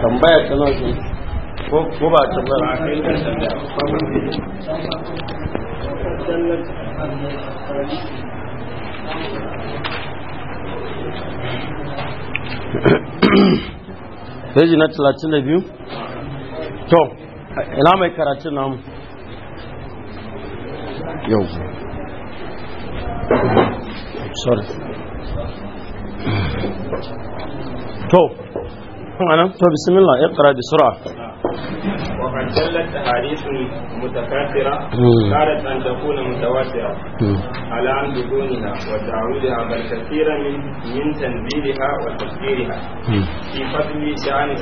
tambaya da To, ina mai karatun namu? Yau. Sorry. تو anan to bismillah iqra وقد دلت أحاديث متكاثرة كادت أن تكون متواترة على أن بدونها وتعويلها بل كثيرا من من تنزيلها وتفسيرها في فضل شأن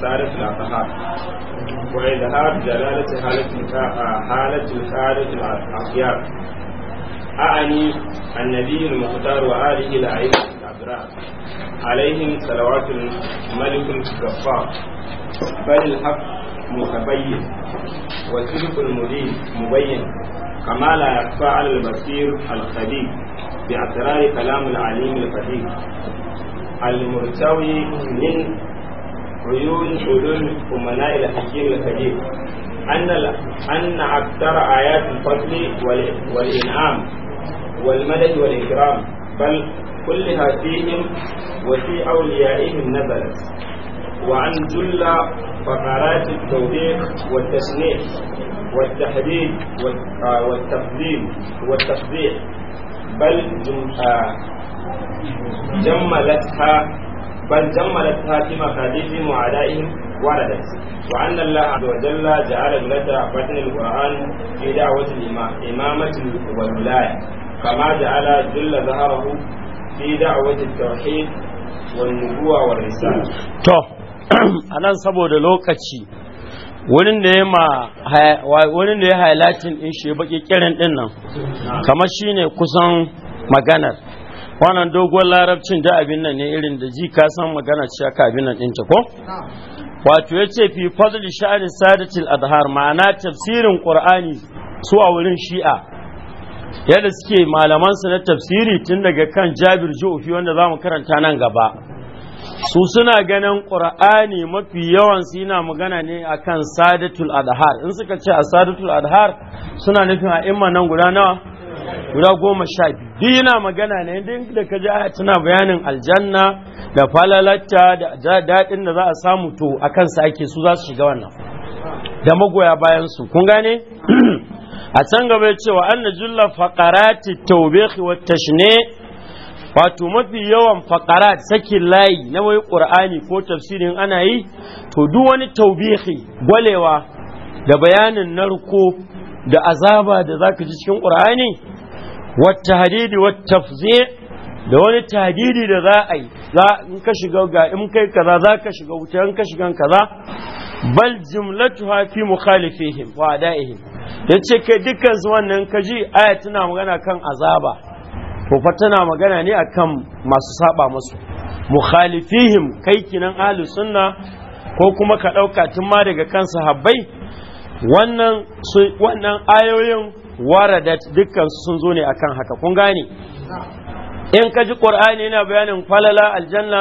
سارة العقهات وإظهار جلالة حالة حالة الخارج الأخيار أعني النبي المختار وآله الأئمة الأبرار عليهم صلوات الملك الكفار بل الحق متبين وسلوك المدين مبين كما لا يخفى على البصير الخبير بأسرار كلام العليم الفقيه المرتوي من عيون عيون أمناء الحكيم الكبير أن أن أكثر آيات الفضل والإنعام والمدد والإكرام بل كلها فيهم وفي أوليائهم نزلت وعن جل فقرات التوبيخ والتسنيف والتحديد والتقديم والتفضيح بل جملتها بل جملتها في مخاديثهم وعدائهم وردت وأن الله عز وجل جعل ملة بطن القرآن في دعوة الإمامة والولاية كما جعل جل ظهره fi to anan saboda lokaci wurin da ya ma wurin da ya highlighting din shi baki kiran din nan kamar shine kusan maganar wannan doguwar larabcin da abin nan ne irin da ji ka san magana ce aka abin nan ɗinta ko wato ya ce fi fadli sha'ani sadatil adhar ma'ana tafsirin qur'ani su a wurin shi'a yadda suke malamansu na tafsiri tun daga kan jabir jofi wanda za mu karanta nan gaba su suna ganin ƙur'ani mafi yawan su yana magana ne akan sadatul adhar in suka ce a sadatul adhar suna nufin a imma nan guda nawa guda goma sha biyu yana magana ne inda da ka ji tana bayanin aljanna da falalatta da daɗin da za a samu to a kansa ake su za su shiga wannan da magoya bayan su kun gane a can gaba ya cewa anna julla faƙarati tawbihi wa tashne wato mafi yawan faqarat sakin layi na wai ƙur'ani ko tafsirin ana yi to duk wani tawbihi gwalewa da bayanin narko da azaba da za ka ji cikin ƙur'ani wata hadidi wata tafzi da wani tahdidi da za a yi in ka shiga ga in kai kaza za ka shiga wuta in ka shiga kaza bal jumlatuha fi mukhalifihim wa da'ihim yace kai dukkan su wannan kaji aya tana magana kan azaba to fa tana magana ne akan masu saba musu mukhalifihim kai kinan ahlus sunna ko kuma ka dauka tun ma daga kan sahabbai wannan wannan ayoyin waradat dukkan su sun zo ne akan haka kun gane in ka ji qur'ani yana bayanin falala aljanna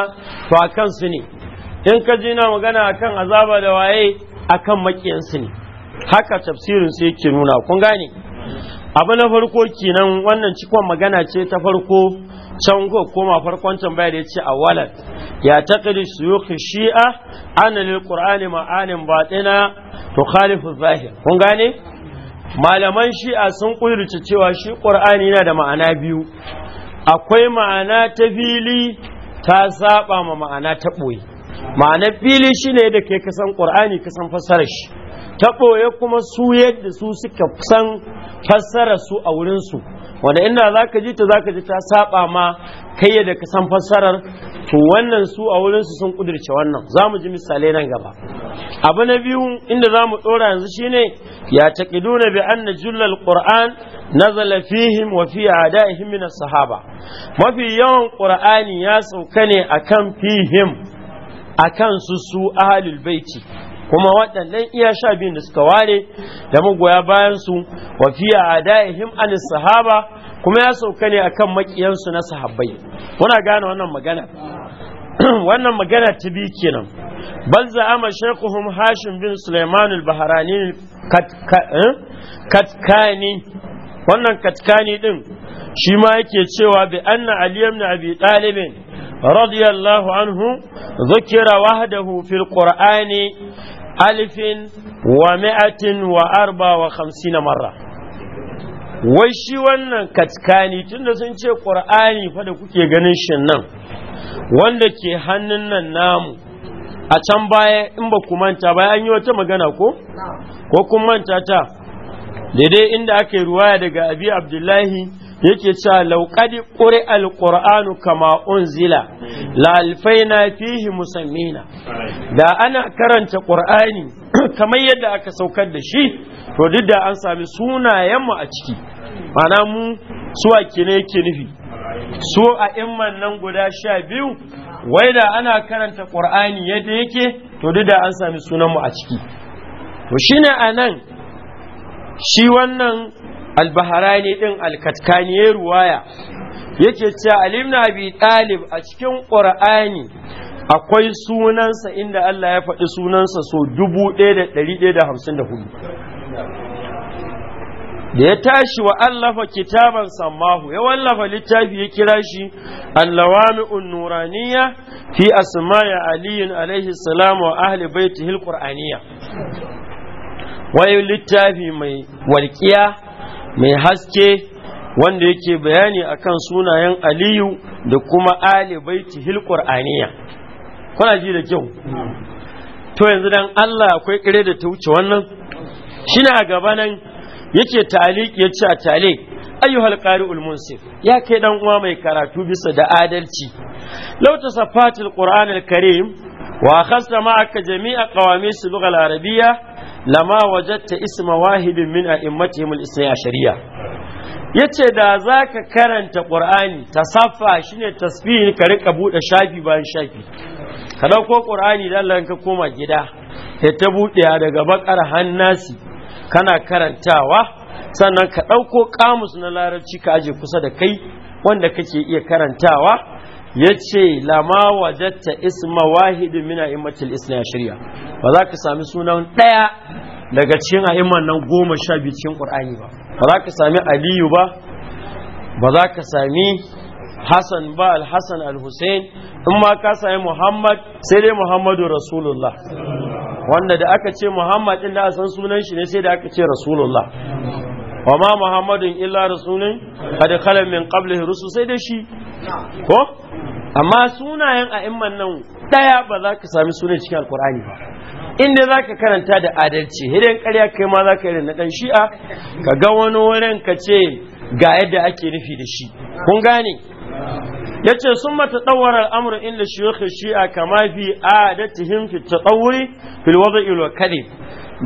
to akan su ne in ka ji na magana akan azaba da waye akan makiyansu ne haka tafsirin sai yake nuna kun gane abu na farko kenan wannan cikon magana ce ta farko can ko koma farkon tambaya da yace awalat ya taqdi suyukh shi'a an lil qur'ani ma'anin batina tukhalifu zahir kun gane malaman shi'a sun kudurce cewa shi qur'ani yana da ma'ana biyu akwai ma'ana ta fili ta saba ma ma'ana ta boye ma'ana fili ne da ke kasan ƙur'ani kasan fassara shi ta ɓoye kuma su yadda su suka san fassara su a wurin su wanda inda ka ji ta za ka ji ta saba ma kai yadda ka san fassarar to wannan su a wurin sun kudirce wannan za mu ji misalai nan gaba abu na biyu inda za mu ɗora yanzu shi ne, ya na bi anna jullal na fihim wa fi adaihim min sahaba mafi yawan ƙur'ani ya sauka ne akan fihim a kansu su ahalul baiti kuma waɗannan iya sha biyun da suka ware da magoya bayansu su wa fiya adaihim an sahaba kuma ya sauka ne akan makiyansu na sahabbai muna gane wannan magana wannan magana ta biyu kenan bal za'ama shaykhuhum hashim bin sulaiman al eh? katkani wannan katkani din shi ma yake cewa bi anna ali ibn abi talib رضي الله عنه ذكر وحده في القرآن ألف ومائة وأربع وخمسين مرة wai shi wannan katkani tunda sun ce ƙur'ani fa da kuke ganin shi nan wanda ke hannun nan namu a can baya in ba ku manta ba an yi wata magana ko ko kun manta ta daidai inda aka yi ruwa daga abi abdullahi yake cewa lauƙadi ƙuri alƙur'anu kama unzila lalfaina fihi musammina da ana karanta ƙur'ani kamar yadda aka saukar da shi to duk da an sami sunayenmu a ciki mana mu suwa kine yake nufi su a imman nan guda sha biyu wai da ana karanta ƙur'ani yadda yake to duk da an sami sunanmu a ciki to shine a nan shi wannan albaharani din alkatkani ya ruwaya yake cewa alimna abi talib a cikin qur'ani akwai sunansa inda Allah ya faɗi sunansa so 1154 da ya tashi wa allafa kitaban sammahu ya wallafa littafi ya kira shi allawami'un nuraniya fi asma'i aliyin alaihi salam wa ahli hil qur'aniya wai littafi mai walƙiya mai haske wanda yake bayani akan sunayen aliyu da kuma ali baitihil qur'aniya kuna ji da kyau to yanzu dan Allah akwai kire da ta wuce wannan shine a gaba nan yake taliq ya ce a talik ayyuhal qari'ul munsif ya kai dan uwa mai karatu bisa da adalci law tasafatil qur'anil karim wa khasama ma'aka jami'a qawamis lughal arabiyya lama wajatta isma wahidin min a'immatihim al-isnai shari'a yace da zaka karanta qur'ani tasaffa shine tasbih ka rika bude shafi bayan shafi ka dauko qur'ani da Allah ka koma gida ya ta bude daga bakar hannasi kana karantawa sannan ka dauko kamus na larabci ka aje kusa da kai wanda kake iya karantawa ya ce lama wajatta isma wahidu min a'immatil isna ya shirya ba za ka sami sunan ɗaya daga cikin a'imman nan goma sha biyu cikin qur'ani ba ba za ka sami aliyu ba ba za ka sami hassan ba al-hassan al-hussein in ma ka sami muhammad sai dai muhammadu rasulullah wanda da aka ce muhammad din da san sunan shi ne sai da aka ce rasulullah wa ma muhammadin illa rasulun kada kalan min qablihi rusul sai dai shi ko amma sunayen a'imman nan daya ba za ka sami sunan cikin alqur'ani ba inda za ka karanta da adalci hidan karya kai ma za ka yi na dan shi'a ka ga wani wurin ka ce ga yadda ake nufi da shi kun gane ya ce sun mata ɗawar al'amur inda shiyukhi shi'a kama fi adatihim fi taɗawuri fil wada'i lokali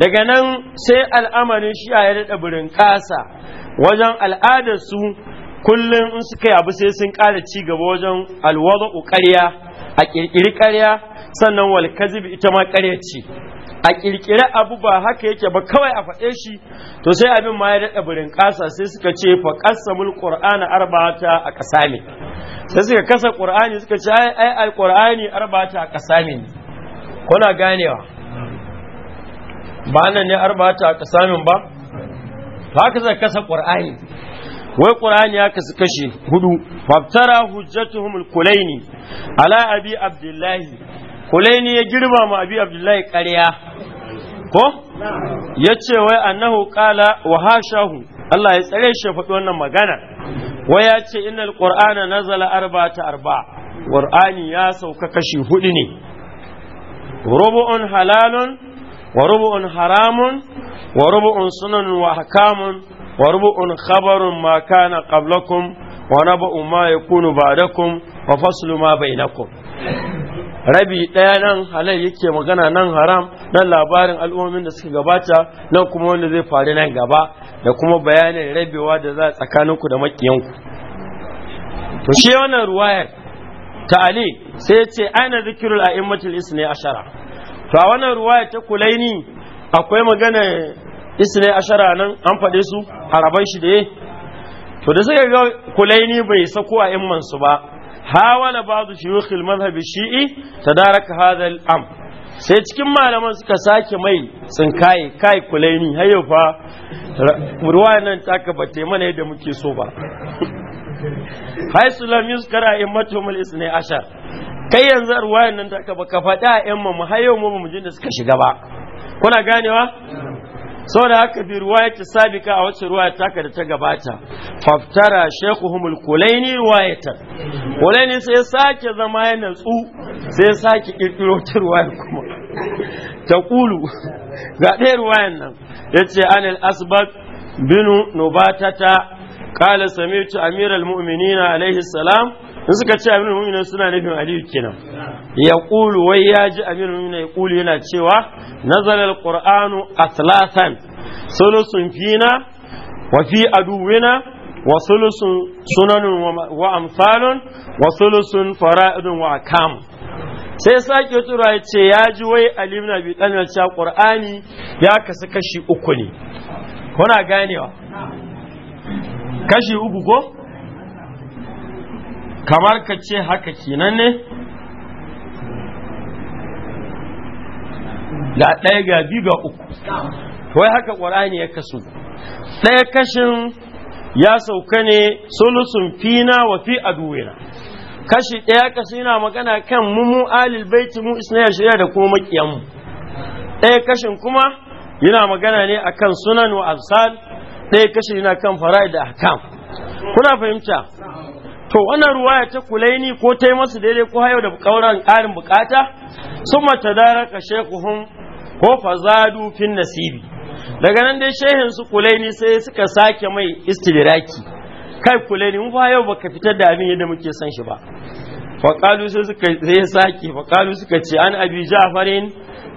daga nan sai al'amarin shi'a ya daɗa birin ƙasa wajen al'adarsu kullum in suka yabu sai sun ƙara ci gaba wajen alwaza ƙarya a ƙirƙiri ƙarya sannan wal ita ma ƙarya ce a ƙirƙiri abu ba haka yake ba kawai a faɗe shi to sai abin ma ya daɗa birin ƙasa sai suka ce fa qasamul qur'ana arba'ata a ƙasa ne sai suka kasa Al-ƙur'ani suka ce ai ai alqur'ani arba'ata a ƙasa ne kuna ganewa ba nan ne arba'ata a kasamin ba to haka zai kasa qur'ani wai qur'ani ya kasu kashi hudu faftara hujjatuhum al-kulaini ala abi abdullahi kulaini ya girma ma abi abdullahi ƙarya ko ya ce wai annahu qala wa hashahu Allah ya tsare shi faɗi wannan magana wai ya ce innal qur'ana nazala arba'ata arba qur'ani ya sauka kashi hudu ne rubu'un halalun wa rubu'un haramun wa rubu'un sunan wa hakamun wa rubu'un khabarun ma kana qablakum wa nabu'u ma wa bainakum rabi ɗaya nan halal yake magana nan haram nan labarin al'ummomin da suka gabata nan kuma wanda zai faru nan gaba da kuma bayanin rabewa da za tsakaninku da makiyanku to shi wannan ruwayar ta ali sai ce aina zikirul a'immatul isni ashara to a wannan ruwaya ta kulaini akwai magana isne ashara nan an faɗe su haraban shi da to da suka ga kulaini bai sako a imman su ba hawala ba'du shuyukh al-madhhab shi'i tadaraka hadha al-am sai cikin malaman suka sake mai sun kai kai kulaini hayo fa ruwaya nan ka bate mana yadda muke so ba haisu lam yuskara immatuhum al-isne kai yanzu a ruwayan nan ta ba ka faɗa a yan mamu har yau mu da suka shiga ba kuna ganewa saboda haka bi ruwaya ta sabika a wacce ruwaya taka da ta gabata faftara shaykhuhum kulaini ruwayatan kulaini sai sake zama ya natsu sai sake kirkiro ta kuma ta kulu ga ɗaya ruwayan nan yace anil asbad binu nubatata قال سمعت أمير المؤمنين عليه السلام in suka ce Aminu mu'minin suna nufin aliyu kenan ya kulu wai ya ji Aminu mu'minin ya ƙulu yana cewa nazarar nazar a talatan sulusun fina wa fi aduwina wa sulusun sunanun wa amsalun wa sulusun fara'idun wa akam sai sake tura ya ce ya ji wai aliyu na bi ɗan cewa qur'ani ya kasu kashi uku ne kuna ganewa kashi uku ko kamar ka ce haka kenan ne Ga ɗaya ga biyu ga uku wai haka ƙwarani ya kasu ɗaya kashin ya sauka ne sulusun fina wa fi kashi ɗaya kasu yana magana kan mummu alil baiti mu isnaya shirya da kuma makiyanmu ɗaya kashin kuma yana magana ne akan sunan wa absal ɗaya kashin yana kan fara'id da ahkam kuna fahimta to wannan ruwa ya ta kulaini ko ta yi masu daidai ko hayo da kauran karin bukata sun mata daraka shekuhun ko fazadu fin nasibi daga nan dai shehin su kulaini sai suka sake mai istidiraki kai kulaini mun fa yau baka fitar da abin yadda muke son shi ba faqalu sai suka sai sake faqalu suka ce an abi ja'farin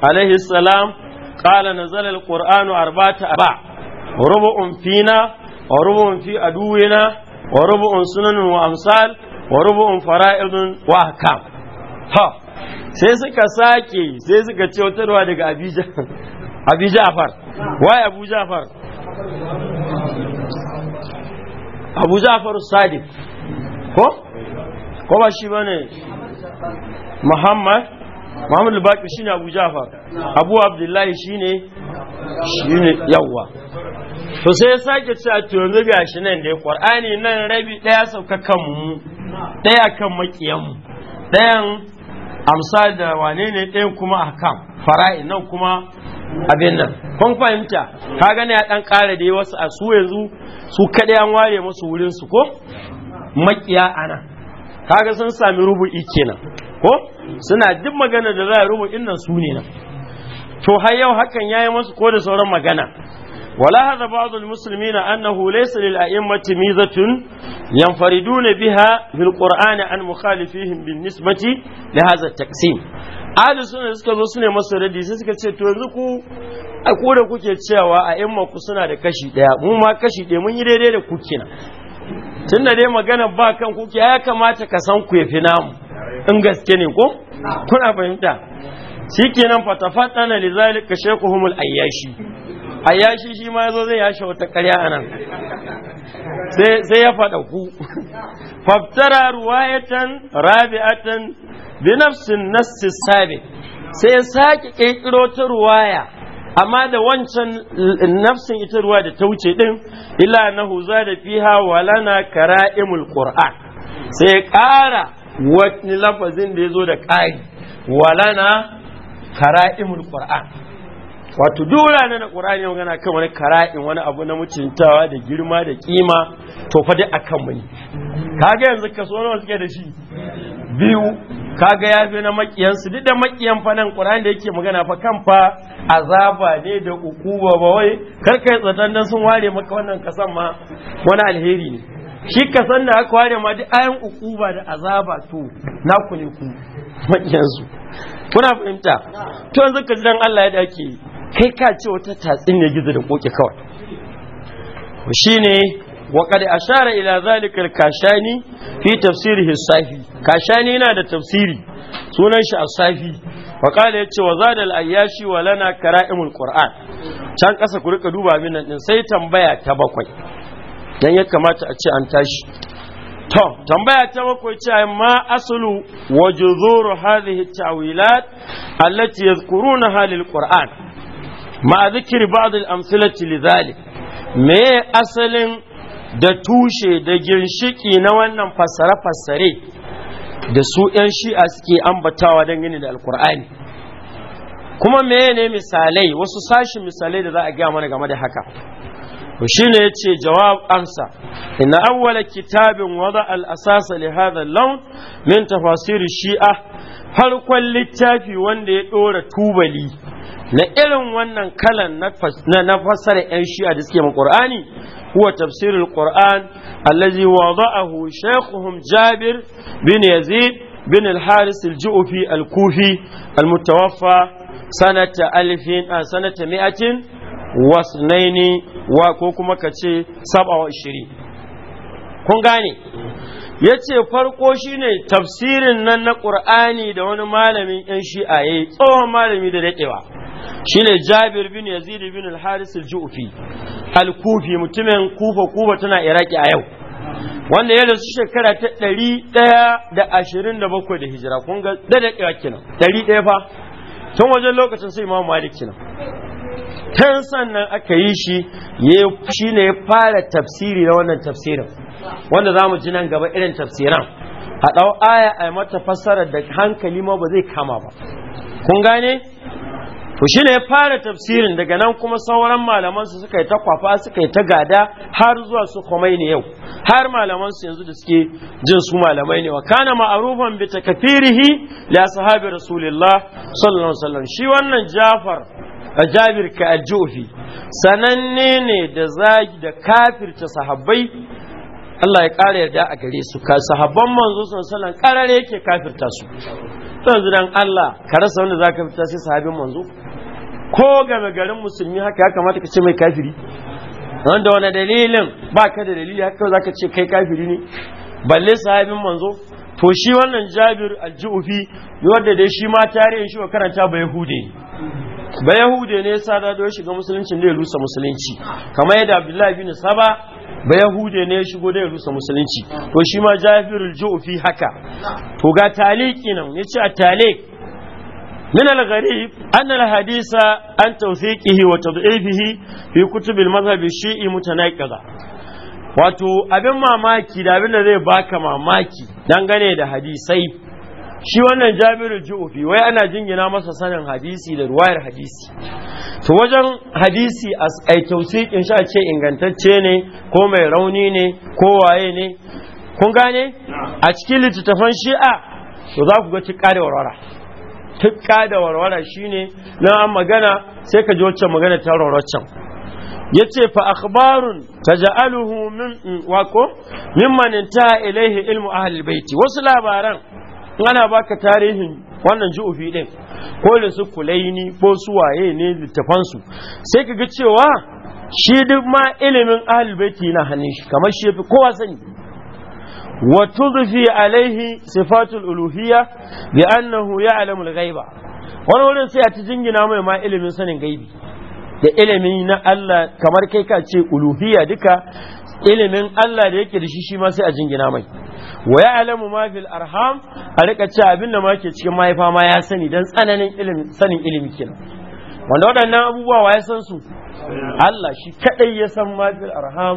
alaihi salam qala nazala alqur'anu arba'ata ba rubu'un fina wa rubun fi aduwina wa rubu'un sunanun wa amsal wa rubu'un fara'idun wa ahkam ha sai suka sake sai suka ce wutarwa daga Abuja Abu Ja'far wai Abuja afar? Abuja afar Sadiq ko ko ba shi bane Muhammad Muhammad al shi ne Abu Ja'far Abu Abdullahi shi ne yawa to sai ya sake cewa to zabi a shi nan dai ƙwar'ani nan rabi ɗaya sauka kan mu ɗaya kan makiyan mu amsa da wane ne ɗayan kuma a kan fara'i nan kuma abin nan kun fahimta ka gani ya ɗan ƙara da wasu a su yanzu su kaɗai an ware musu wurin su ko makiya ana kaga sun sami rubu'i kenan ko suna duk magana da za a rubu innan su ne to har yau hakan yayi musu ko da sauran magana Wala ولا هذا بعض المسلمين أنه ليس للأئمة ميزة ينفردون بها في القرآن bin مخالفيهم بالنسبة لهذا taqsim ahli suna suka zo sune masu radi sai suka ce to yanzu ku a koda kuke cewa a imma ku suna da kashi daya mu ma kashi daya mun yi daidai da ku kina tunda dai magana ba kan kuke ya kamata ka san ku yafi namu in gaske ne ko kuna fahimta shikenan ka lizalika humul ayyashi ayyashi shi ma yazo zai yashe wata ƙarya a nan. sai ya fada ku faftara ruwayatan rabi'atan bi nafsin nassi sabiq sai ya sake kirkiro ta ruwaya amma da wancan nafsin ita ruwa da ta wuce din illa na huza da fiha walana kara'imul qur'an sai ya ƙara wani lafazin da ya zo da ƙari walana kara'imul qur'an wato dora na qur'ani magana kan wani kara'in wani abu na mutuntawa da girma da kima to fa dai akan mu ne kaga yanzu kaso nawa suke da shi biyu kaga ya fi na makiyan su duk da makiyan fa nan qur'ani da yake magana fa kan fa azaba ne da ukuba ba wai karkai tsatan dan sun ware maka wannan kasan ma wani alheri ne shi ka san da aka ware ma duk ayan ukuba da azaba to na ku ne ku yanzu kuna fahimta to yanzu ka dan Allah ya dake kai ka ce wata tatsin ne gizo da koke kawai shine wa qad ashara ila kashani fi tafsirihi as kashani yana da tafsiri sunan shi a safi. wa ya yace wa zada al-ayashi wa lana kara'imul qur'an can kasa ku rika duba min din sai tambaya ta bakwai dan ya kamata a ce an tashi to tambaya ta bakwai ce ma asulu wa juzuru hadhihi tawilat allati yadhkuruna halil qur'an ma zikri ba'd al amsalati lidhalik me asalin da tushe da ginshiki na wannan fassare fassare da su yan shi'a suke ambatawa dangane da alqur'ani kuma me ne misalai wasu sashi misalai da za a gaya mana game da haka to shine yace jawab amsa inna awwala kitabin wada al asasa li hadha min tafasir shi'a farkon littafi wanda ya ɗora tubali na irin wannan kalan na fassara 'yan shi'a da suke qur'ani huwa tafsirul qur'an allazi wada'ahu shaykhuhum jabir bin yazid bin al-haris al-ju'fi al-kufi al-mutawaffa sanata alfin sanata mi'atin wasnaini wa ko kuma ka ce saba wa kun gane ya ce farko shine tafsirin nan na ƙur'ani da wani malamin yan shi'a ya yi tsohon malami da daɗewa shine jabir bin yazid bin al-haris al-ju'fi al-kufi mutumin kufa kufa tana iraki a yau wanda ya rasu shekara ta ɗari ɗaya da ashirin da bakwai da hijira kun ga da daɗewa ɗari ɗaya fa tun wajen lokacin sai imam malik kenan tun sannan aka yi shi shi ne ya fara tafsiri na wannan tafsirin wanda za mu ji nan gaba irin tafsiran a ɗau aya a mata fassara da hankali ma ba zai kama ba kun gane to shi ne ya fara tafsirin daga nan kuma sauran malaman su suka yi ta kwafa suka yi ta gada har zuwa su komai ne yau har malaman su yanzu da suke jin su malamai ne wa kana ma'arufan bi takfirihi li ashabi rasulillah sallallahu alaihi wasallam shi wannan Jafar jabir ka sananne ne da zagi da kafirta sahabbai Allah ya ƙara yarda a gare su ka sahabban manzo sallallahu karare yake kafirta su to yanzu dan Allah ka rasa wanda zaka fita sai sahabin manzo ko game garin musulmi haka ya kamata ka ce mai kafiri wanda wani dalilin ba ka da dalili haka zaka ce kai kafiri ne balle sahabin manzo to shi wannan jabir aljufi wanda dai shi ma tarihin shi wa karanta ba yahude ba yahude ne sa da ya shiga musulunci da ya rusa musulunci kamar yadda abdullahi bin saba ba yahude ne ya shigo da ya rusa musulunci to shi ma jabir aljufi haka to ga taliki nan yace a talik من الغريب أن الحديث عن توثيقه وتضعيفه في كتب المذهب الشيعي متناقضة wato abin mamaki da abin da zai baka mamaki dangane da hadisai shi wannan jabiru ju'ufi wai ana jingina masa sanin hadisi da ruwayar hadisi to wajen hadisi a tausikin sha ce ingantacce ne ko mai rauni ne ko waye ne kun gane a cikin littattafan shi'a to za ku ga tukka da warwara tukka da warwara shine na magana sai ka ji wacce magana ta rorocen yace fa akhbarun taj'aluhu min wako mimman intaha ilaihi ilmu ahli baiti wasu labaran ana baka tarihin wannan ju'ufi din ko da su kulaini ko su waye ne littafan su sai kaga cewa shi duk ma ilimin ahli baiti na hannun shi kamar shi kowa sani wa tudfi alaihi sifatul uluhiyya bi annahu ya'lamu al-ghaiba wani wurin sai a ta jingina mai ma ilimin sanin gaibi da ilimin na Allah kamar kai ka ce uluhiyya duka ilimin Allah da yake da shi shi ma sai a jingina mai wa alamu ma fil arham a rika ce abin da ma ke cikin mahaifa ma ya sani dan tsananin ilimin sanin ilimi kenan wanda waɗannan abubuwa wa ya san su Allah shi kadai ya san fil arham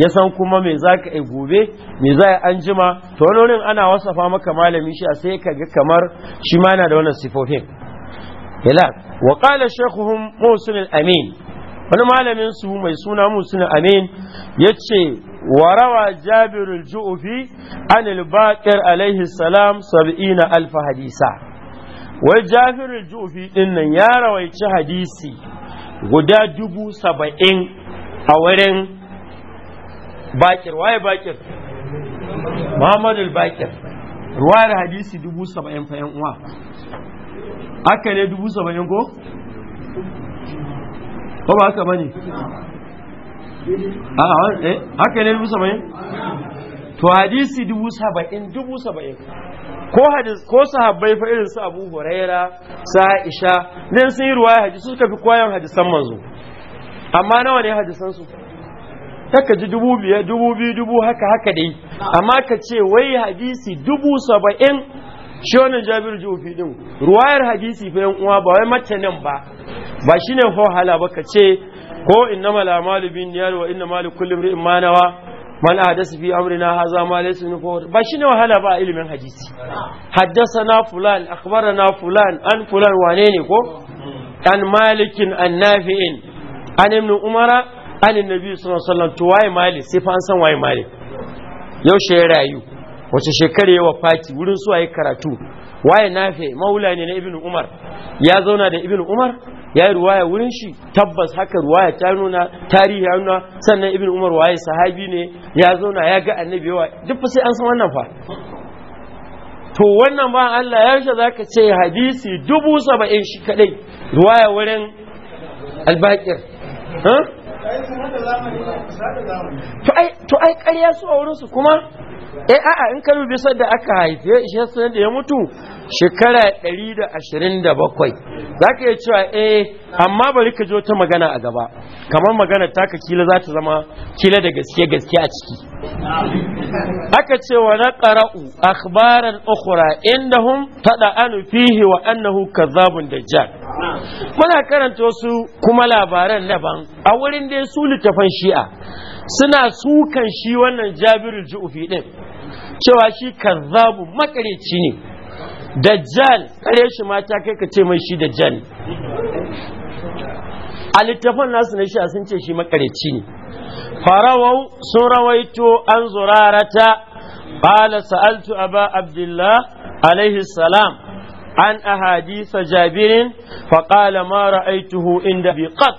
ya san kuma me za ka gobe me za a anjima to wani ana wasafa maka malami shi a sai ka ga kamar shi ma yana da wannan sifofin hilal wa qala shaykhuhum musul amin wani malamin su mai suna musul amin ya ce, rawa Jabiru al-ju'fi an al-baqir alayhi salam 70 alf hadisa wai Jabiru al-ju'fi nan ya rawaici hadisi guda dubu saba'in a wurin bakir waye bakir muhammadu bakir ruwayar hadisi dubu saba'in fa uwa aka ne dubu saba'in ko? ko ba haka ba ne? Eh, haka ne dubu saba'in? to hadisi dubu saba'in dubu saba'in ko hadis ko sahabbai fa irin su Abu Huraira sa Aisha sun yi ruwaya hadisi suka fi koyon hadisan manzo amma nawa ne hadisan su taka ji dubu biyar dubu biyu dubu haka haka dai amma ka ce wai hadisi dubu saba'in shi wannan jabir jufi din ruwayar hadisi fa yan uwa ba wai mace nan ba ba shine ho hala ba ka ce ko inna mal amalu bin niyar wa inna mal kulli imrin ma nawa man ahdasa fi amrina hadha ma laysa min ba shine wahala ba ilimin hadisi haddathana fulan akhbarana fulan an fulan wane ne ko an malikin an nafi'in an ibn umara an annabi sallallahu alaihi wasallam to waye mali sai fa an san waye mali. yau shi rayu wace shekara yawa faki wurin su yi karatu waye nafe maula ne na ibn umar ya zauna da ibn umar ya yi ruwaya wurin shi tabbas haka ruwaya ta nuna tarihi ya nuna sannan ibn umar waye sahabi ne ya zauna ya ga annabi yawa duk sai an san wannan fa to wannan ba Allah ya shi zaka ce hadisi dubu saba'in shi kadai ruwaya wurin albakir to ai ƙarya su a wurinsu kuma eh a'a in ka bisa sadda aka haife shi da ya mutu shekara 127 za ka iya cewa eh amma bari ka jo ta magana a gaba kamar magana taka kila za ta zama kila da gaske gaske a ciki aka ce wa na ƙara'u akhbaran ukhra indahum tada'anu fihi wa annahu kazzabun dajjal muna karanta wasu kuma labaran daban a wurin dai su littafan shi'a suna sukan shi wannan jabirul ju'ufi din cewa shi kazzabu makareci ne dajjal kare shi mata kai ka ce mai shi dajjal a littafin nasu na sha sun ce shi makareci ne farawau sun rawaito an zurarata bala sa'altu aba abdullah alaihi salam an ahadisa jabirin faƙala mara ra'aituhu inda bi qat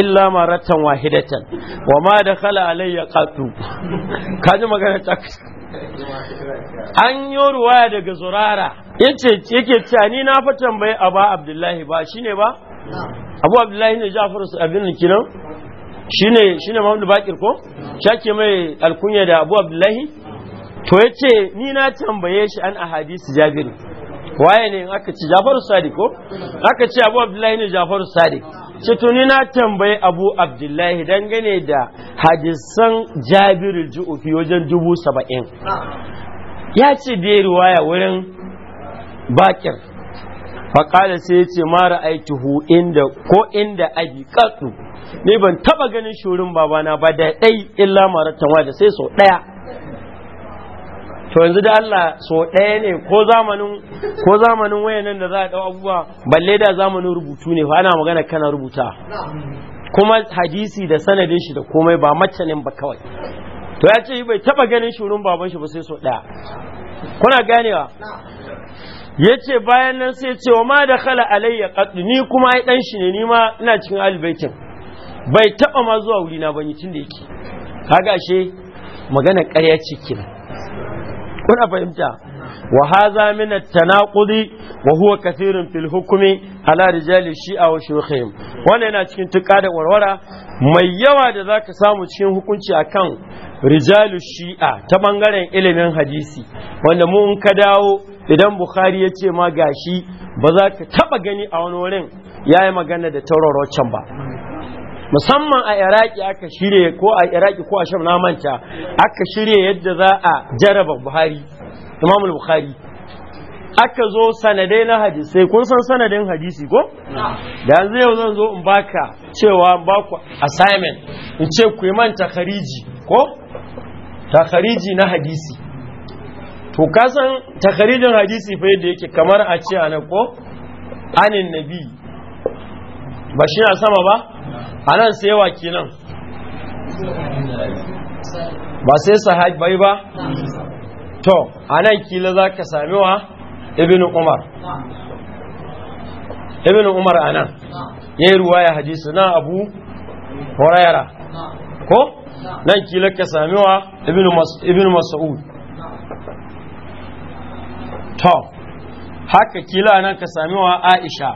illa maratan wahidatan wa ma dakhala alayya qatu kaji magana ta an yi ruwaya daga zurara yace yake cewa ni na fa tambayi aba abdullahi ba shine ba abu abdullahi ne jafar su abin kinan shine shine mahmud bakir ko shake mai alkunya da abu abdullahi to yace ni na tambaye shi an ahadisi jabir waye ne in aka ci jafaru sadiq ko aka ce abu abdullahi ne jafaru sadiq ci na tambayi abu abdullahi dangane da hadisan jabiru ju'ufi wajen dubu saba'in ya ce da riwaya wurin bakir faƙala sai ya ce mara aiki hu inda ko inda abi katsu ne ban taɓa ganin shurin babana ba da ɗai illa maratan da sai sau ɗaya to yanzu da Allah so ɗaya ne ko zamanin ko zamanin wayannan da za a dau abubuwa balle da zamanin rubutu ne fa ana magana kana rubuta kuma hadisi da sanadin shi da komai ba macanin ba kawai to ya ce bai taba ganin shurun baban shi ba sai so ɗaya kuna ganewa ya ce bayan nan sai ce ma da khala alayya qad ni kuma ai dan shi ne ni ma ina cikin albaitin bai taba ma zuwa wuri na bane tun da yake kaga ashe magana ƙarya ce kuna fahimta wa haza min at-tanaqudi wa huwa kathirun fil hukmi ala rijali shi'a wa shuyukhihim wannan yana cikin tuka da warwara mai yawa da zaka samu cikin hukunci akan rijalu shi'a ta bangaren ilimin hadisi wanda mun ka dawo idan bukhari ya ce ma gashi ba za ka taba gani a wani wurin ya yi magana da tauraro can ba musamman a iraki aka shirya ko a iraki ko a sham na manta aka shirya yadda za a jaraba buhari imamul Buhari, aka zo sanadai na hadisai kun san sanadin hadisi ko da yanzu yau zan zo in baka cewa baku assignment in ce ku man khariji ko khariji na hadisi to ka san takharijin hadisi fa yadda yake kamar a ce anan ko anin nabi ba shi na sama ba a nan sai yawa kenan ba sai bai ba to a nan kila za ka sami wa ibn umar ibn umar a nan ya yi ruwa ya hadisi na abu horayara ko nan kila ka sami wa ibn mas'ud to haka kila nan ka sami wa aisha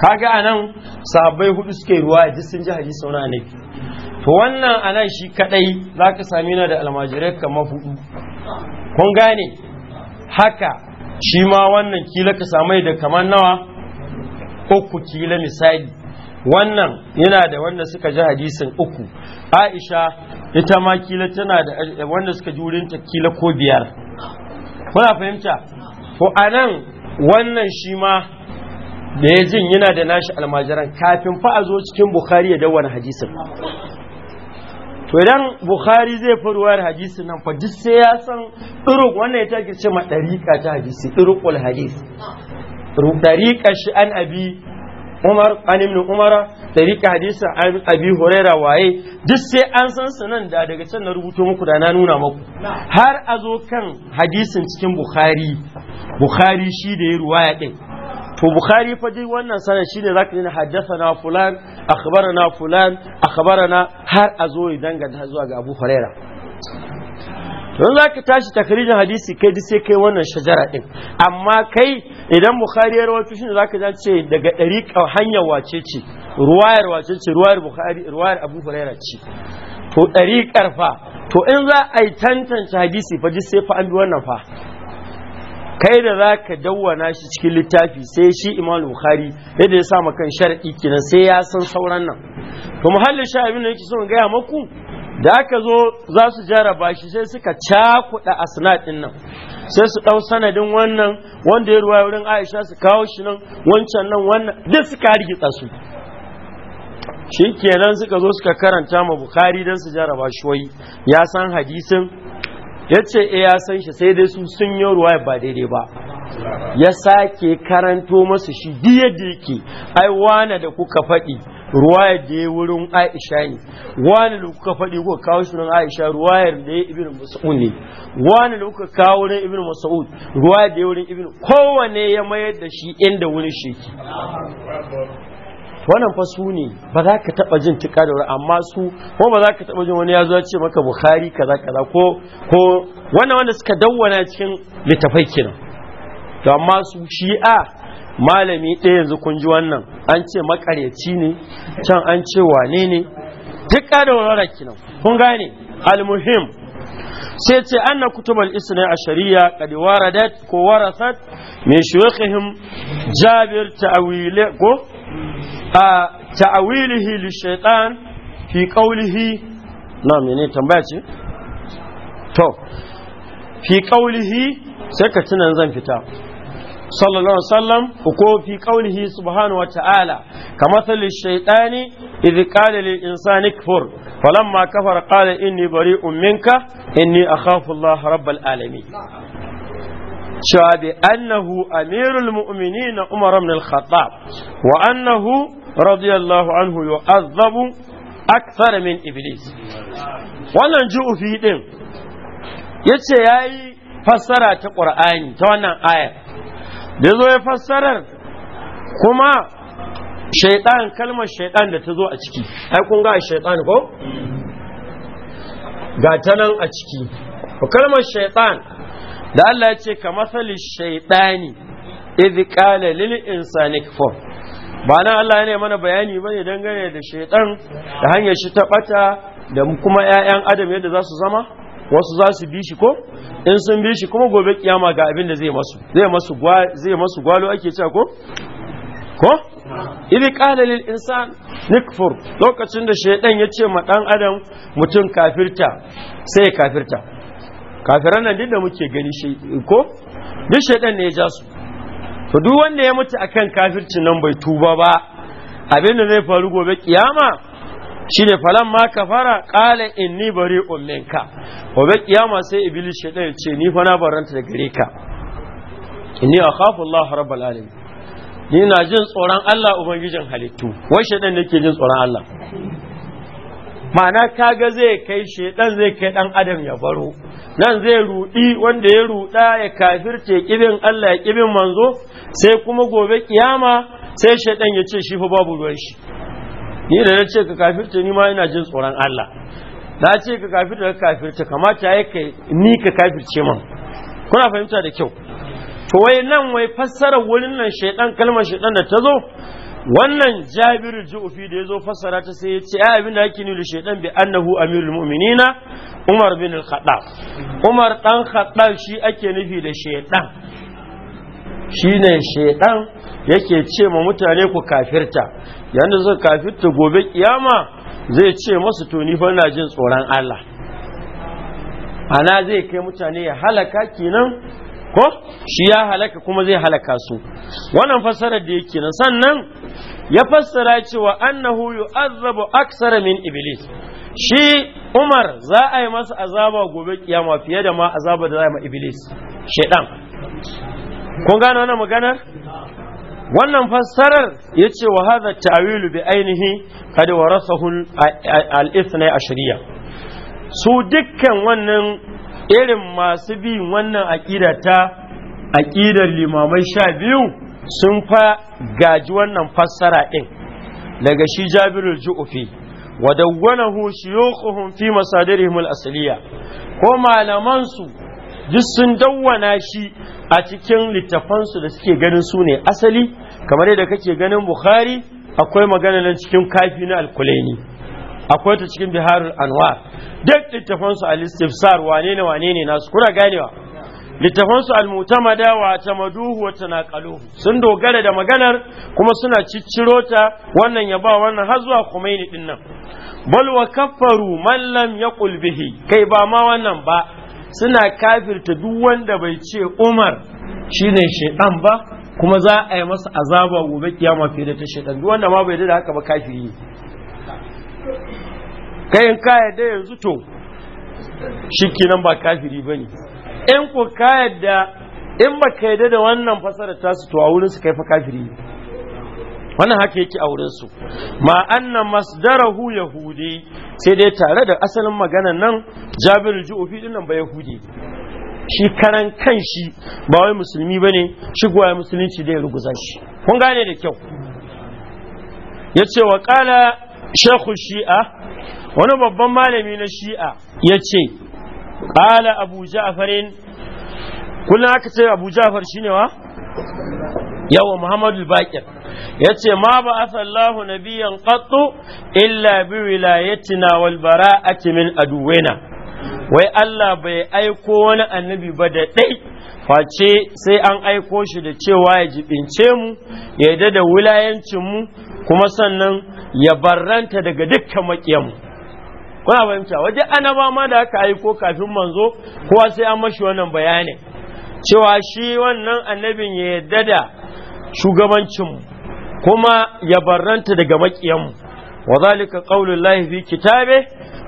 kaga anan sahabbai hudu suke ruwa duk sun ji hadisi wani annabi to wannan anan shi kadai zaka sami na da almajirai kamar hudu kun gane haka shi ma wannan kila ka samu da kamar nawa uku kila misali wannan yana da wanda suka ji hadisin uku aisha ita ma kila tana da wanda suka ji wurinta kila ko biyar kuna fahimta to anan wannan shi ma da ya jin yana da nashi almajiran kafin fa a zo cikin bukhari ya dawwana hadisun. to idan bukhari zai fi da nan fa duk sai ya san ɗuruk wannan ya ta ce ma ɗariƙa ta hadisi ɗurukul hadis ɗariƙa shi an abi umar an ibn umara ɗariƙa hadisun an abi Horaira waye duk sai an san su nan da daga can na rubuto muku da na nuna muku har a zo kan hadisin cikin bukhari bukhari shi da ya ruwaya ɗin to bukhari fa dai wannan sanan shine zaka yi haddathana fulan akhbarana fulan akhbarana har a zo idan ga zuwa ga Abu Huraira don za ka tashi takrijin hadisi kai duk sai kai wannan shajara din amma kai idan bukhari ya rawaito shine zaka ji ce daga dariƙa hanyar wace ce ruwayar wace ce ruwayar bukhari ruwayar abu huraira ce to dariƙar fa to in za a yi tantance hadisi fa duk sai fa an bi wannan fa kai da za ka dawwana shi cikin littafi sai shi imam bukhari yadda ya sa kan sharaɗi kenan sai ya san sauran nan to muhallin sha abin da yake son gaya maku da aka zo za su jaraba shi sai suka cakuɗa asnad sinadin nan sai su ɗau sanadin wannan wanda ya ruwa wurin aisha su kawo shi nan wancan nan wannan duk suka hargitsa su shi kenan suka zo suka karanta ma bukhari dan su jaraba shi wai ya san hadisin ya ce e eh, ya san shi sai dai su sun yi ruwa ba daidai ba ya sake karanto masu shi diya da yake ai wane da kuka faɗi ruwaya da ya wurin aisha ne wane da kuka faɗi kuka kawo shi nan aisha ruwayar da ya ibn mas'ud ne wane da kuka kawo wurin ibn mas'ud ruwaya da ya wurin ibn kowane ya mayar da shi inda wurin shi wannan fa su ne ba za ka taba jin tuka da amma su ko ba za ka taba jin wani ya zo ce maka bukhari kaza kaza ko ko wannan wanda suka dawwana cikin littattafai kenan to amma su shi'a malami ɗaya yanzu kun ji wannan an ce makaryaci ne can an ce wane ne duk da warwara kinan kun gane almuhim sai ce anna kutubal isna a shari'a kadi waradat ko warasat min shuyukhihim jabir ta'wili ko a ta'awilihi li shaitan fi qawlihi na mene tambaya ce to fi qawlihi sai ka tunan zan fita sallallahu alaihi wasallam ko fi qawlihi subhanahu wa ta'ala kamathal ash-shaytani idh qala lil insani kfur falamma kafara qala inni bari'un minka inni akhafu Allah rabbal alamin cewa bi annahu amirul mu'minin Umar ibn al-Khattab wa annahu radiyallahu anhu yu'azzabu akthar min iblis wannan ju'ufi din yace yayi fassara ta Qur'ani ta wannan ayar da zo ya fassarar kuma shaitan kalmar shaitan da ta zo a ciki ai kun ga shaitan ko ga ta nan a ciki kalmar shaiɗan. da Allah ya ce ka masali shaidani idh qala lil insani kfur ba nan Allah ne mana bayani bane dangane da shaidan da hanyar shi ta bata da kuma ƴaƴan adam yadda za su zama wasu za su bi shi ko in sun bi shi kuma gobe kiyama ga abin da zai masu zai masu gwalo ake cewa ko ko idh qala lil insan nikfur lokacin da shaidan ya ce ma dan adam mutum kafirta sai kafirta kafiran nan duk da muke gani shi ko duk shaidan ne ya ja su to duk wanda ya mutu akan kafircin nan bai tuba ba Abinda zai faru gobe kiyama shine falan ma kafara qala inni bari'un minka gobe kiyama sai iblis shaidan ya ce ni fa na baranta da gare ka inni akhafu Allah rabbul alamin ni na jin tsoron Allah ubangijin halittu wai shaidan nake jin tsoron Allah ma'ana kaga zai kai shedan zai kai dan adam ya baro nan zai ruɗi, wanda ya ruɗa ya kafirce kibin Allah ya kibin manzo sai kuma gobe kiyama sai shedan ya ce shi fa babu ruwan shi ni da nace ka kafirce ni ma ina jin tsoron Allah na ce ka kafirce ka kafirce kamata ya kai ni ka kafirce man kuna fahimta da kyau to wai nan wai fassara wurin nan shedan kalmar shedan da ta zo wannan jabiru ju'fi da yazo fassara ta sai ya ce ai abin da yake nuna shaydan bi annahu amirul mu'minina umar bin al-khattab umar dan khattab shi ake nufi da shaydan shine shaydan yake ce ma mutane ku kafirta yanda zai kafirta gobe kiyama zai ce masu to ni fa jin tsoron Allah ana zai kai mutane ya halaka kenan ko shi ya halaka kuma zai halaka su wannan fassarar da yake nan sannan ya fassara cewa annahu yu'azzabu aksara min iblis shi Umar za a yi masa azaba gobe kiyama fiye da ma azaba da za a yi ma iblis shedan kun gane wannan magana wannan fassarar yace wa hadha ta'wilu bi ainihi kad warasahu al-ithna ashriya su dukkan wannan irin masu bin wannan aƙida ta aƙidar limamai sha biyu sun fa gaji wannan fassara ɗin daga shi jabirul ju'ufi wa dawwanahu shuyukhuhum fi masadirihim al-asliya ko malaman su duk sun dawwana shi a cikin littafansu da suke ganin su ne asali kamar yadda kake ganin bukhari akwai magana nan cikin kafi na alkulaini akwai ta cikin biharul anwar duk littafan su al-istifsar wane ne wane ne nasu kuna ganewa littafan su al-mutamada wa maduhu wa tanaqalu sun dogara da maganar kuma suna cicciro ta wannan ya ba wannan har zuwa yi din nan bal wa kaffaru man lam yaqul bihi kai ba ma wannan ba suna kafirta duk wanda bai ce Umar shine shaidan ba kuma za a yi masa azaba gobe kiyama fiye da ta shaidan duk wanda ma bai da haka ba kafiri kayan kaya da yanzu to shi nan ba kafiri ba ne in ku kaya da in ba ka yada da wannan fasara ta su to a wurin su kai fa kafiri wannan haka yake a wurin su ma anna masdarahu yahudi sai dai tare da asalin maganan nan jabir ju'ufi din nan ba yahudi shi karan kan shi ba wai musulmi ba ne shigowa musulunci da ya ruguza shi kun gane da kyau ya ce wa kala shekhu shi'a wani babban malami na shi'a ya ce ƙala abu ja'farin kullum aka ce abu ja'far ne wa yawa muhammadu bakir ya ce ma ba na biyan qattu illa bi na walbara a min aduwena wai Allah bai aiko wani annabi ba da ɗai face sai an aiko shi da cewa ya jibince mu ya da da wilayancin mu kuma sannan ya barranta daga dukkan maƙiyanmu kuna fahimta waje anaba ma da aka ko kafin manzo kowa sai an mashi wannan bayani cewa shi wannan annabin ya yadda da shugabancin kuma ya barranta daga makiyanmu wa zalika qaulullahi fi kitabe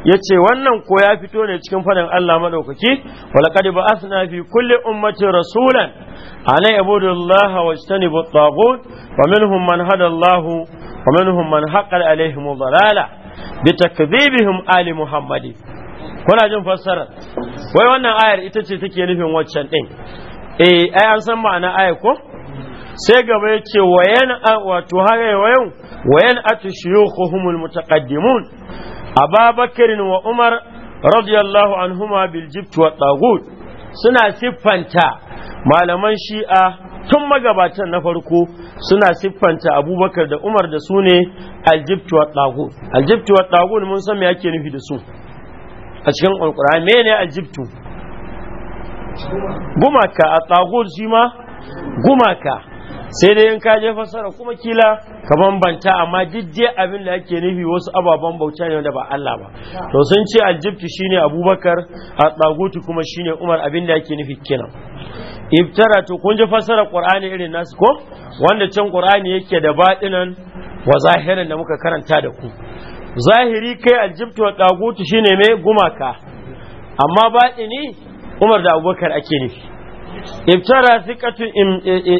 yace wannan ko ya fito ne cikin fadan Allah madaukaki wa laqad ba'athna fi kulli ummati rasulan an yabudu wa yajtanibu at-taghut wa minhum man hada Allah wa minhum man haqqa alaihim dhalala bi takdhibihim ali muhammadi kuna jin fassara wai wannan ayar ita ce take nufin waccan din eh ai an san ma'ana ayar ko sai gaba ya ce wayan wato haya wayan wayan atshuyukhuhumul mutaqaddimun ababakar wa umar radiyallahu anhuma bil jibt wa tagut suna siffanta malaman shi'a tun magabatan na farko suna siffanta abubakar da umar da su ne aljibtuwa ɗagun aljibtuwa ne mun san me ake nufi da su a cikin ƙwarƙura me ne aljibtu gumaka a ɗagun shi ma gumaka sai dai in ka je fassara kuma kila ka bambanta amma jijje abin da ake nufi wasu ababen bauta ne wanda ba Allah ba to sun ce aljibtu shine abubakar a ɗagutu kuma shine umar abin da ake nufi kenan to kun ji fassara qur'ani irin nasu ko wanda can qur'ani yake da batinan wa zahirin da muka karanta da ku zahiri kai aljibtu wa tagutu shine mai gumaka amma batini umar da abubakar ake nufi ibtara thiqatu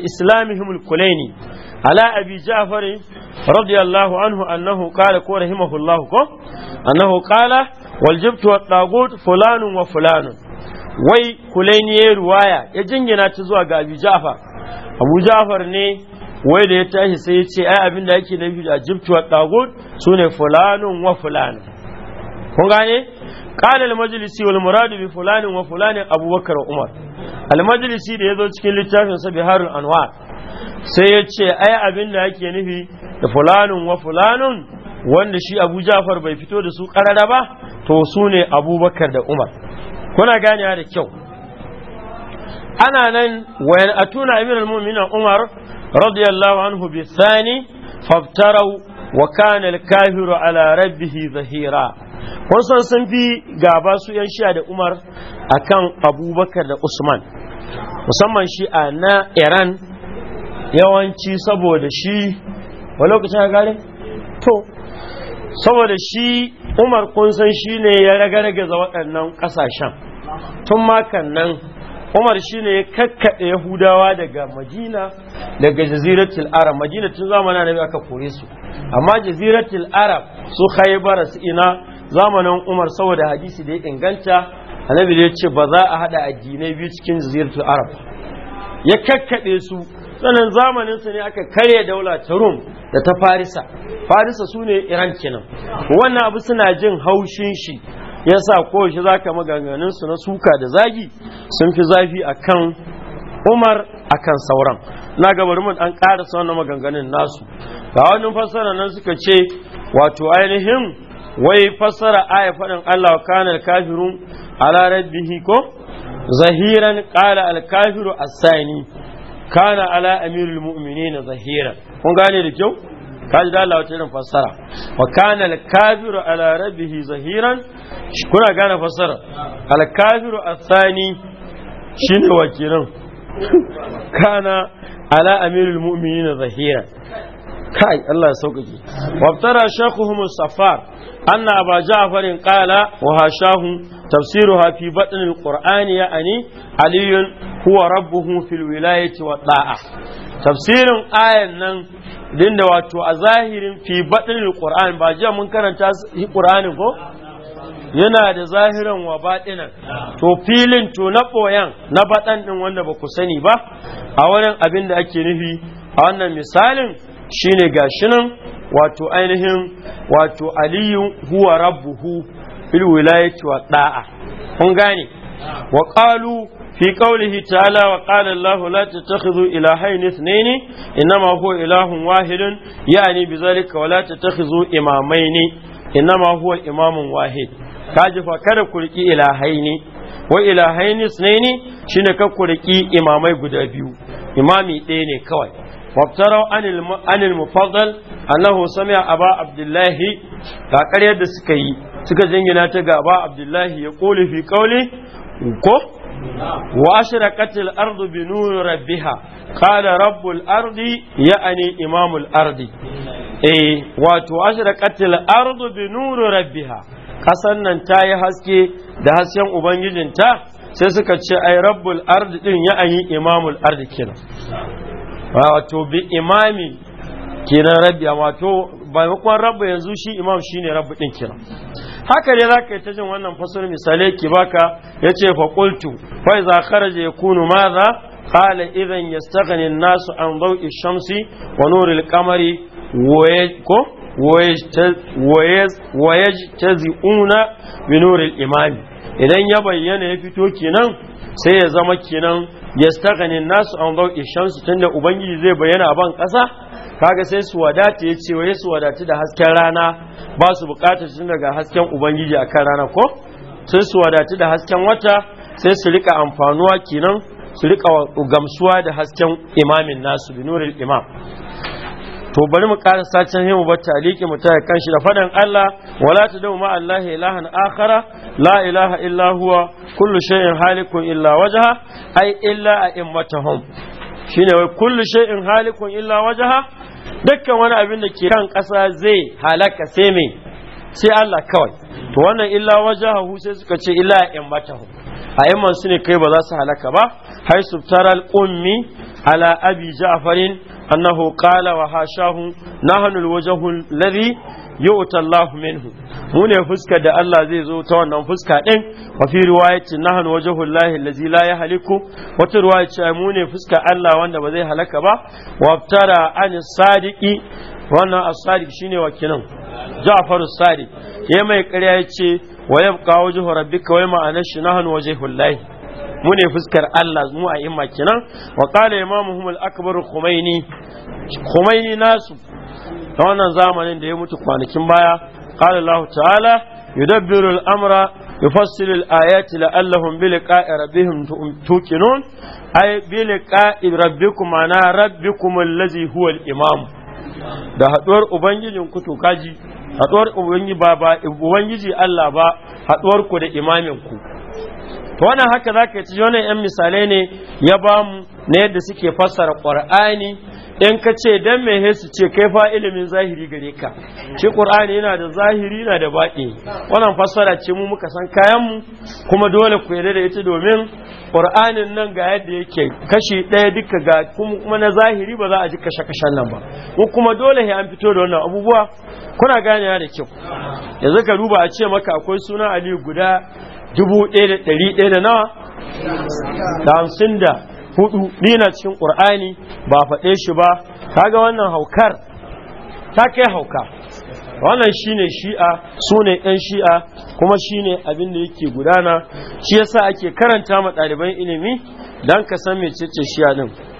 islamihim al-kulaini ala abi ja'far radiyallahu anhu annahu qala ko rahimahullahu ko annahu qala waljibtu wa tagut fulanun wa fulanun wai kulaini ya ruwaya ya jingina ta zuwa ga abu ja'far abu ja'far ne wai da ya tashi sai ya ce ai abin da yake nufi da jibtu wa su sune fulanun wa fulanun kun gane قال المجلسي والمراد بفلان وفلان أبو بكر وعمر المجلسي da yazo cikin littafin sa Biharul Anwar sai ya ce ai abin da yake nufi da fulanun wa fulanun wanda shi Abu Ja'far bai fito da su karara ba to su ne Abu da Umar kuna ganewa da kyau ana nan wayan atuna amirul mu'minin umar radiyallahu anhu bi sani Fabtarau wa kana al-kafiru ala rabbihi zahira wasu sun fi gaba su yan shi'a da umar akan abubakar da usman musamman shi'a na iran yawanci saboda shi wa lokacin gare to saboda shi umar kun san shi ne ya ragargaza waɗannan ƙasashen tun makan nan umar shi ne ya kakkaɗe yahudawa daga majina daga jaziratul arab majina tun zamanin annabi aka kore su amma jaziratul arab su khaybara su ina zamanin umar saboda hadisi da ya inganta annabi ya ce ba za a haɗa addinai biyu cikin jaziratul arab ya kakkaɗe su sannan zamanin su ne aka karya daula ta rum da ta farisa farisa su ne iran kenan wannan abu suna jin haushin shi ya sa ko za zaka maganganun su na suka da zagi sun fi zafi kan umar akan sauran na gabar mun an ƙara wannan maganganun nasu ga wani fassara nan suka ce wato ainihin wai fassara aya faɗin Allah kanar kafirun ala rabbihi ko zahiran ƙara alkafiru a sani kana ala amirul mu'minin zahira kun gane da kyau kaji da Allah wata irin fassara wa kana al-kafiru ala rabbihi zahiran kuna gane fassara al-kafiru sani shine wakilan kana ala amirul mu'minin zahira kai Allah ya sauƙaƙe waftara shakuhum safar anna aba ja'farin qala wa hashahu تفسيرها في بطن القرآن يعني علي هو ربه في الولاية والطاعة تفسير آية نن din da wato a zahirin fi baɗin Qur'an ba jiya mun karanta shi Qur'anin ko yana da zahiran wa baɗinan to filin to na ɓoyan na baɗan ɗin wanda ba ku sani ba a wurin abin da ake nufi a wannan misalin shine gashinan wato ainihin wato aliyu huwa rabbuhu fil wilayati wa da'a kun gane wa qalu fi qawlihi ta'ala wa qala Allah la tattakhidhu ilahayn ithnayn inma huwa ilahun wahidun yani bizalika wa la tattakhidhu imamayn inma huwa imamun wahid kaji fa kada ku riki ilahaini wa ilahaini sunaini shine ka ku riki imamai guda biyu imami ɗaya ne kawai wabtarau anil mufaddal annahu sami'a aba abdullahi ga yadda suka yi suka jingina ta gaba abdullahi ya kuli fi kauli ko wa katil ardu bi nuri rabbiha qala rabbul ardi ya'ani imamul ardi eh wato katil ardu bi nuri rabbiha kasan nan ta yi haske da hasken ubangijinta sai suka ce ai rabbul ardi din ya'ani imamul ardi kenan wato bi imami kenan rabbi wato maimakon rabu yanzu shi imam shi ne rabu ɗin kira haka ne za ka yi ta jin wannan fasar misalai ki baka ya ce fa za kara je kunu yakunu za kala idan ya an-nasu an zauki shamsi wa nuri al waye ta zi'una bi nuri al idan ya bayyana ya fito kenan sai ya zama kenan ya an-nasu an zauki shamsi tunda ubangiji zai bayyana a ban ƙasa kaga sai su wadata ya ce wai su wadatu da hasken rana ba su bukatar tun daga hasken ubangiji a kan rana ko sai su wadatu da hasken wata sai su rika amfanuwa kenan su rika gamsuwa da hasken imamin nasu bi nurul imam to bari mu ƙara sacin himu ba taliki mu ta kan shi da faɗan Allah wala ta ma Allah ilahan akhara la ilaha illa huwa kullu shay'in halikun illa wajha ai illa a immatahum shine wai kullu shay'in halikun illa wajha dukkan wani abin da ke kan ƙasa zai halaka sai mai sai Allah kawai to wannan illa wajahu sai suka ce illa in matahu a yamman su ne kai ba za su halaka ba hay subtaral ummi ala abi ja'farin annahu qala wa hashahu nahnu alwajhu alladhi yu'ta Allahu minhu mu ne fuskar da Allah zai zo ta wannan fuska din wa fi riwayati nahnu wajhu Allahi allazi la yahliku wata riwaya mu ne fuskar Allah wanda ba zai halaka ba wa tara an sadiqi wannan as-sadiq shine wakilan Ja'far as-sadiq yayi mai ƙarya yace wa yabqa wajhu rabbika wa ma'anar shi nahnu wajhu Allahi mu ne fuskar Allah mu a imma kenan wa qala imamuhum al-akbar khumaini khumaini nasu a wannan zamanin da ya mutu kwanakin baya qala Allah ta'ala yudabbiru al-amra yufassilu al-ayati la'allahum bi liqa'i rabbihim tuqinun ay bi liqa'i rabbikum ana rabbikum allazi huwa al-imam da haduwar ubangijin ku to kaji haduwar ubangiji ba ba ubangiji Allah ba haduwar ku da imamin ku to wannan haka za ka ci wannan yan misalai ne ya ba mu na yadda suke fassara ƙwar'ani in ka ce dan me su ce kai fa ilimin zahiri gare ka shi ƙwar'ani yana da zahiri yana da baƙi wannan fassara ce mu muka san kayan mu kuma dole ku yarda da ita domin ƙwar'anin nan ga yadda yake kashi ɗaya duka ga kuma na zahiri ba za a ji kashe-kashen nan ba ko kuma dole he an fito da wannan abubuwa kuna ganewa da kyau yanzu ka duba a ce maka akwai suna aliyu guda dubu ɗaya da ɗari ɗaya da nawa hamsin da hudu ni na cikin ƙur'ani ba faɗe shi ba kaga wannan haukar ta kai hauka wannan shine shi'a su ne ɗan shi'a kuma shine abin da yake gudana shi yasa ake karanta ma ɗaliban ilimi Dan ka san mecece shi'a ɗin